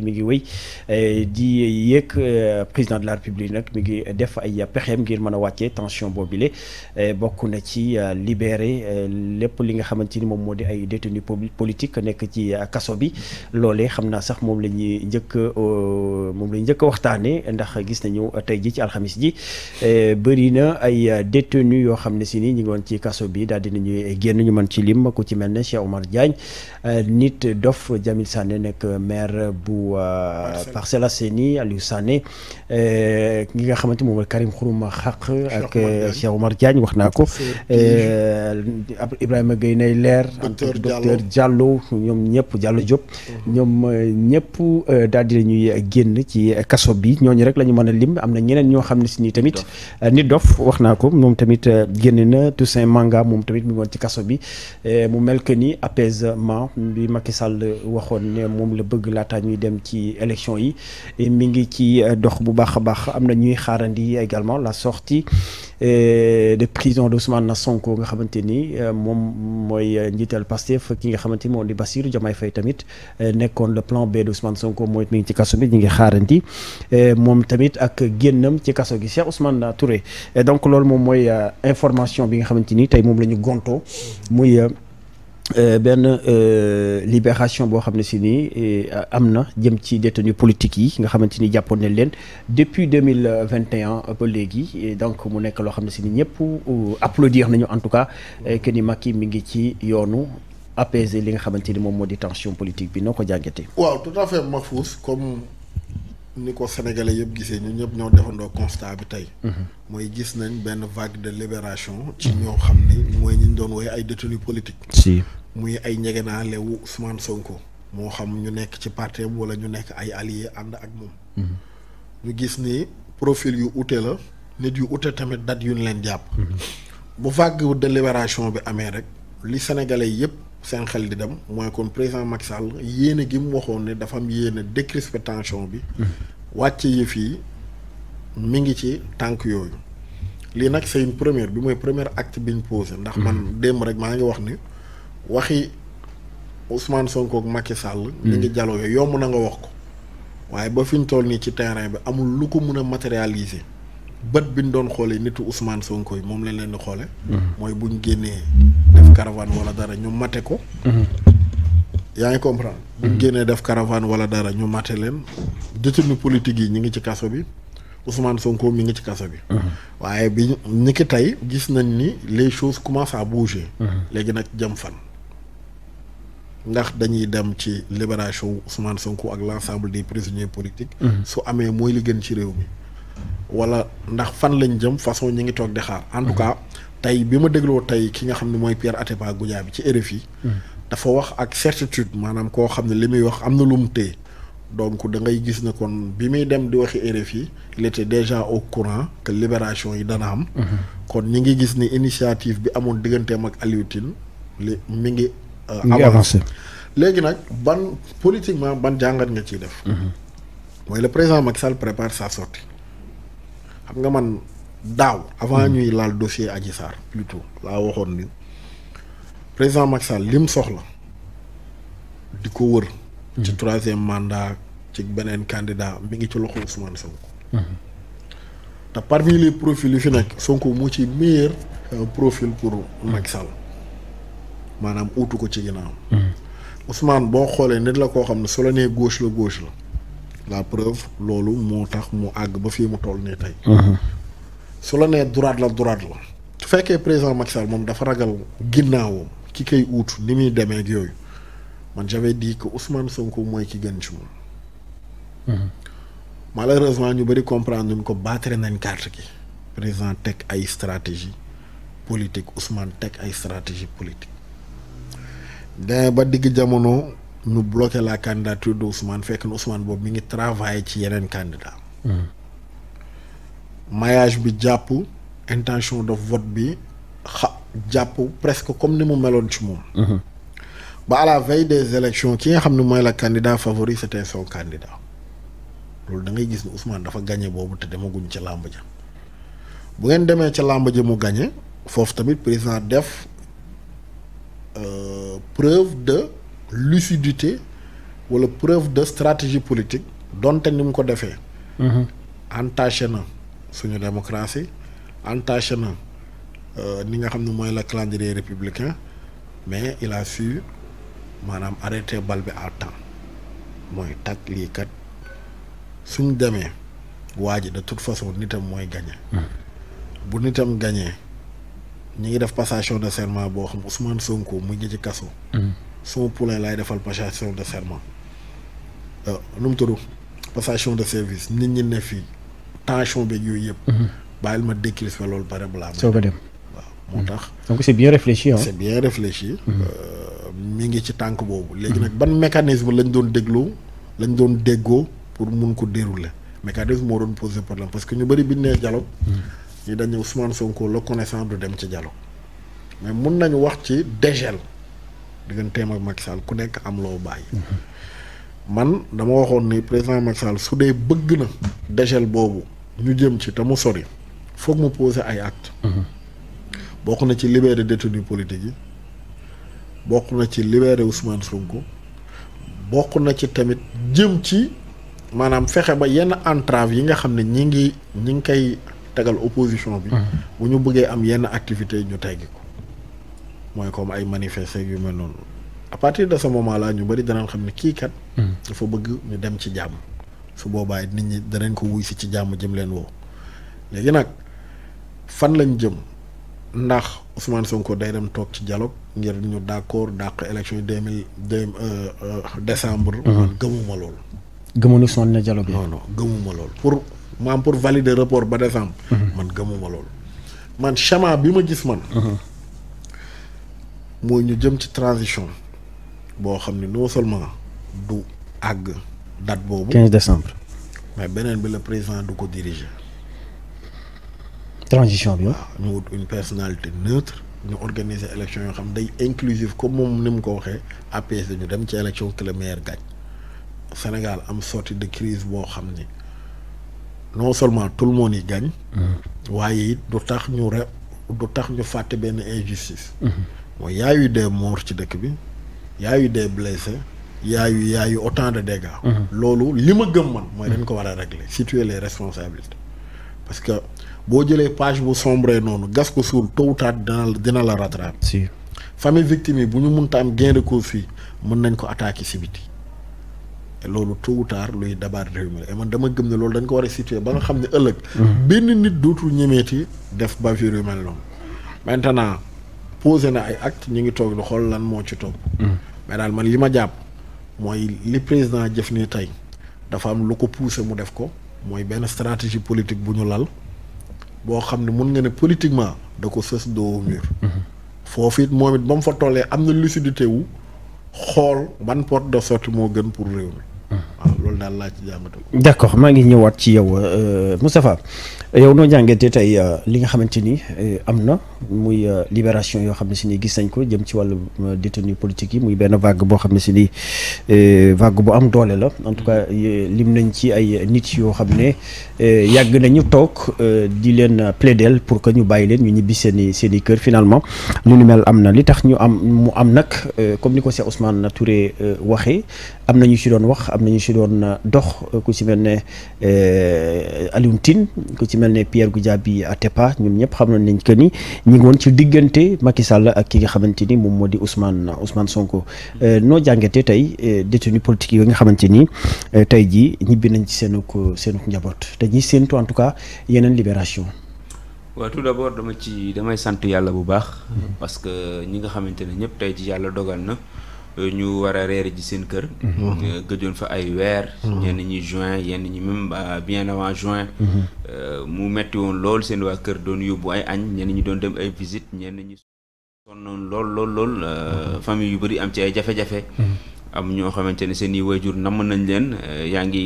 mi ngi wéy eh, di yéeg eh, président de la république nag mi ngi def ay pexeem ngir mën a wàccee tension boobile eh, bokk na ci libérer lépp li nga xamante ni moom moo di ay détenus politique nekk ci kaso bi loolee xam naa sax moom la ñuy njëkk moom la ñuy waxtaanee ndax gis nañu tey ji ci alxamis ji bëri na ay détenus yoo xam ne si ni ñu ngi woon ci kaso bi daal dinañu génn ñu man ci lim ku ci mel ne Cheikh Omar Diagne nit dof Jamil Sané nekk maire bu. bu euh, Parcelles Assainies Aliou Sané ki euh, nga xamante moom mooy Karim Xuruma Xaq ak euh, Cheikh Omar Diagne wax naa ko Ibrahima Gueye nay leer ak docteur Diallo ñoom ñëpp Diallo Diop mhm. ñoom ñëpp daal di ñuy génn ci kaso bi ñooñu rek la ñu mën a lim am na ñeneen ñoo xam ne si ni tamit nit dof wax naa ko moom tamit génn na Toussaint Manga moom tamit mu ngi woon ci kaso bi mu mel que ni apaisement bi Macky Sall waxoon ne moom la bëgg laataa ñuy dem dem ci élection yi mi ngi ci euh, dox bu baax a baax am na ñuy xaarandi également la sortie euh, de prison de na Sonko nga xamante ni euh, moom mooy njiital Pastef ki nga xamante ni moom di Bassirou Diomaye fay tamit nekkoon le plan B de Ousmane Sonko mooy mi ngi ci kaso bi ñu ngi xaarandi moom tamit ak génnam ci kaso gi Cheikh Ousmane Touré donc loolu moom mooy information bi nga xamante ni tey moom la ñu gontoo muy Euh, benn euh, libération boo xam ne si nii euh, am na jëm ci détenus politiques yi nga xamante ni jàppoon nañ leen depuis deux mille vingt et un ba léegi donc mu nekk loo xam ne si nii ñëpp applaudir nañu en tout cas que ni Macky mi ngi ci yoonu apaiser li nga xamante ni moom moo di tension politique bi noo ko jàngatee. waaw ni ko sénégalais yëpp gisee ñun ñëpp ñoo defandoo constat bi tey. Mhm. mooy gis nañ benn vague de libération. ci mhm. ñoo xam ne mooy ñu doon woy ay détenus politiques. si muy ay ñegenaale wu Ousmane Sonko. moo xam ñu nekk ci parti am wala ñu nekk ay alliés ànd ak moom. Mhm. ñu gis ni profil yu ute la nit yu ute tamit dat yu leen jàpp. bu vague de libération bi amee rek li sénégalais yëpp. seen xel di dem mooy kon président Macky Sall yéene gi mu waxoon ne dafa am yéene décrisper tension bi. Mm-hmm. wàcce yëf yi mi ngi ci tànk yooyu. lii nag c'est une première bi mooy première acte bi ñu posé. ndax man mm-hmm. démb rek maa ngi wax ni waxi Ousmane Sonko ak Macky Sall. ñu ngi dialogue mm-hmm. yomb na nga wax ko. waaye ba fi ñu toll nii ci terrain bi amul lu ko mun a matérialiser. bët bi ñu doon xoolee nitu Ousmane Sonko yi moom lañ leen di xoole mhm. mooy buñ génnee def caravane wala dara ñu mate ko. Mhm. yaa ngi comprendre. Mhm. buñ génnee def caravane wala dara ñu mate leen. détenu politique yi ñu ngi ci kaso bi Ousmane Sonko mi ngi ci kaso bi. waaye bi ñi ki tey gis nañ ni les choses commencent à léegi nag jëm fan. ndax dañuy dem ci libération Ousmane Sonko ak l' ensemble des prisonniers politiques. su amee mooy li gën ci réew mi. wala ndax fan lañ jëm façon ñu ngi toog di xaar en tout cas tey bi ma dégloo tey ki nga xam ne mooy Pierre Atepa bi ci RFI hmm. dafa wax ak certitude maanaam koo xam ne li muy wax am na lu mu téye donc da ngay gis ne kon bi muy dem di waxi RFI il était déjà au courant que libération yi dana am hmm. kon ñi ngi gis ni initiative bi amoon digganteem ak Aliou li mi ngi euh, avancé léegi nag ban politiquement ban jàngat nga ciy def hmm. mooy la président mag Sall prépare sa sortie xam nga man daaw avant hmm. ñuy laal dossier Adji Sarr plutôt laa waxoon ni président Macky Sall lim soxla di ko wër ci hmm. troisième mandat ci beneen candidat mi ngi ci loxo Ousmane Sonko hmm. te parmi les profils yu fi nekk Sonko mu ci meilleur profil pour Macky Sall maanaam uutu ko ci ginnaaw Ousmane boo xoolee nit la koo xam ne su la nee gauche la gauche la la preuve loolu moo tax mu àgg ba fii mu toll nii tey. Mhm. su la nee droite la droite la. su fekkee président Macky moom dafa ragal ginnaawam ki koy uut ni muy demee ak yooyu man j'avais dit que Ousmane Sonko mooy ki gën ci moom. Mhm. malheureusement ñu bëri comprendre ñu ko battre nañ carte gi. président teg ay stratégie politique Ousmane teg ay stratégie politique. da ba digg jamono. nu bloqué la candidature de Ousmane fekk na Ousmane boobu mu ngi travaillé ci yeneen candidat hmm. maillage bi jàpp intention de vote bi xa jàpp presque comme ni mu meloon ci moom. Hmm. ba à la veille des élections ki nga xam ne mooy la candidat favori c'était son candidat loolu da ngay gis ne Ousmane dafa gagné boobu te demaguñ ca làmb ja bu ngeen demee ca làmb ji mu gagné foofu tamit président def euh, lucidité wala preuve de stratégie politique donte ni mu ko defee. Mhm. entaché na suñu démocratie entaché na ni euh, nga xam ne mooy le calendrier républicain mais il a su maanaam arrêté bal bi à temps mooy tag lii kat demee waa ji de toute façon nitam mooy gagné. Mhm. bu nitam gagné ñu ngi def passation de serment boo xam Ousmane Sonko mu ngi ci kaso. Mhm. suma poulain laay defal passation de serment euh, nu mu passation de service nit ñi ne fii tension beeg yooyu yëpp. Mhm. bàyyil ma décrisper loolu pare balaa. soo ko dem waaw moo mhm. tax. donc c'est bien réfléchi ah. c'est bien réfléchi. Mhm. Euh, mi ngi ci tànk boobu. léegi nag ban mécanisme lañ doon déglu lañ doon déggoo pour mun ko dérouler mécanisme moo doon poser problème parce que ñu bëri bi ñu nee dialogue. ñu dañu Ousmane Sonko le connaissant du dem ci jaloo mais mun nañu wax ci dégel. digganteem ak Macky ku nekk am loo bàyyi. man dama waxoon ni président Macky Sall su dee bëgg na dégel boobu ñu jëm ci te mu sori foog mu poser ay actes. bokk na ci libérer détenus politiques yi bokk na ci libérer Ousmane Sonko bokk na ci tamit jëm ci maanaam fexe ba yenn entrave yi nga xam ne ñi ngi ñi ngi koy tegal opposition bi. Mm-hmm. bu ñu bëggee am yenn activité ñu teggi ko. mooy comme ay manifester yu mel noonu à partir de ce moment ñu bëri danañ xam ne kii kat. Hmm. dafa bëgg ñu dem ci jàmm. su boobaa nit ñi danañ ko wuy si ci jàmm jëm leen woo léegi nag fan lañ jëm ndax Ousmane Sonko day dem toog ci dialogue ngir ñu d'accord dàq élection yi deux mille deux euh, euh, décembre. Hmm. man gëmuma lool. gëmunu son ne dialogue non gëmuma lool pour maam pour valider report ba décembre. Hmm. man gëmuma lool man chemin bi ma gis man. mooy ñu jëm ci transition boo xam ne non seulement du àgg date boobu. 15 décembre. mais beneen bi le président du ko diriger. transition bi. waaw ñu wut une personnalité neutre ñu organiser élection yoo xam day inclusive comme moom ni mu ko waxee APS ñu dem ci élection que le Sénégal am sortie de crise boo xam ni non seulement tout le monde yi gagne. Mm-hmm. waaye du tax ñu re du tax ñu fàtte benn injustice. Mm-hmm. mooy yaay yu eu moor ci dëkk bi y a eu des blessés y a eu y de dégâts. Mhm. loolu li ma gëm man. mooy mhm. dañ ko war a régler situer les responsabilités. parce que boo jëlee page bu sombre noonu gas ko suul tôt ou tard dina la dina si famille victime yi bu ñu mënta am gain de cause fii mën nañ ko attaque si loolu tôt ou tard luy dabaat réew mi la man dama gëm ne loolu dañ ko war a situer ba nga xam ne ëllëg. Mhm. benn nit dootul ñemeeti def ba bavure yu mel noonu. maintenant. posé na ay acte ñu ngi toog di xool lan moo ci topp. Mm. mais daal man li ma jàpp mooy li président jëf ni tey dafa am lu ko poussé mu def ko mooy benn stratégie politique bu ñu lal boo xam ne mun nga ne politiquement da ko sës doo mur. Mm-hmm. foofu it moom it ba mu fa tollee am na lucidité wu xool ban porte de sortie moo gën pour réew mi. Mm. loolu d' accord maa ngi ñëwaat ci yow euh, Moustapha yow noo jàngatee tey euh, li nga xamante ni euh, am na muy libération yoo xam ne si ni gis nañ ko jëm ci wàllu détenu politique yi muy benn vague boo xam ne si ni vague bu am doole la en tout cas mm-hmm. lim nañ ci ay nit yoo xam ne yàgg nañu toog di leen plaider pour que ñu bàyyi leen ñu ñibbi seen i seen i kër finalement lu ni mel am na li tax ñu am mu am nag comme ni ko Cheikh Ousmane Touré waxee am na ñu si doon wax am na si mën a dox euh, ku ci mel ne euh, Alioune Tine ku ci mel ne Pierre Goudiaby Atepa ñoom ñëpp xam nañ que ni ñu ngi woon ci diggante Macky Sall ak ki nga xamante ni moom moo di Ousmane Ousmane Sonko euh, noo jàngate tey détenu politique yooyu nga xamante ni tey jii ñibbi nañ ci seen seen njaboot te ñuy séentu en yeneen libération. waaw tout d'abord dama ci damay sant yàlla bu baax. parce que ñi nga xamante ne ñëpp tey ji yàlla dogal na. ñu war a reer ji seen kër. Mhm. gëjoon fa ay weer. Mhm. ñenn ñi juin yenn ñi même bien avant juin. Mhm. Euh, mu metti woon lool seen waa kër doon yóbbu ay añ ñenn ñi doon dem ay visite ñenn ñi sonnoon lool lool lool euh, famille yu bëri am ci ay jafe-jafe. am ñoo xamante ne seen i waajur namm nañ leen euh, yaa ngi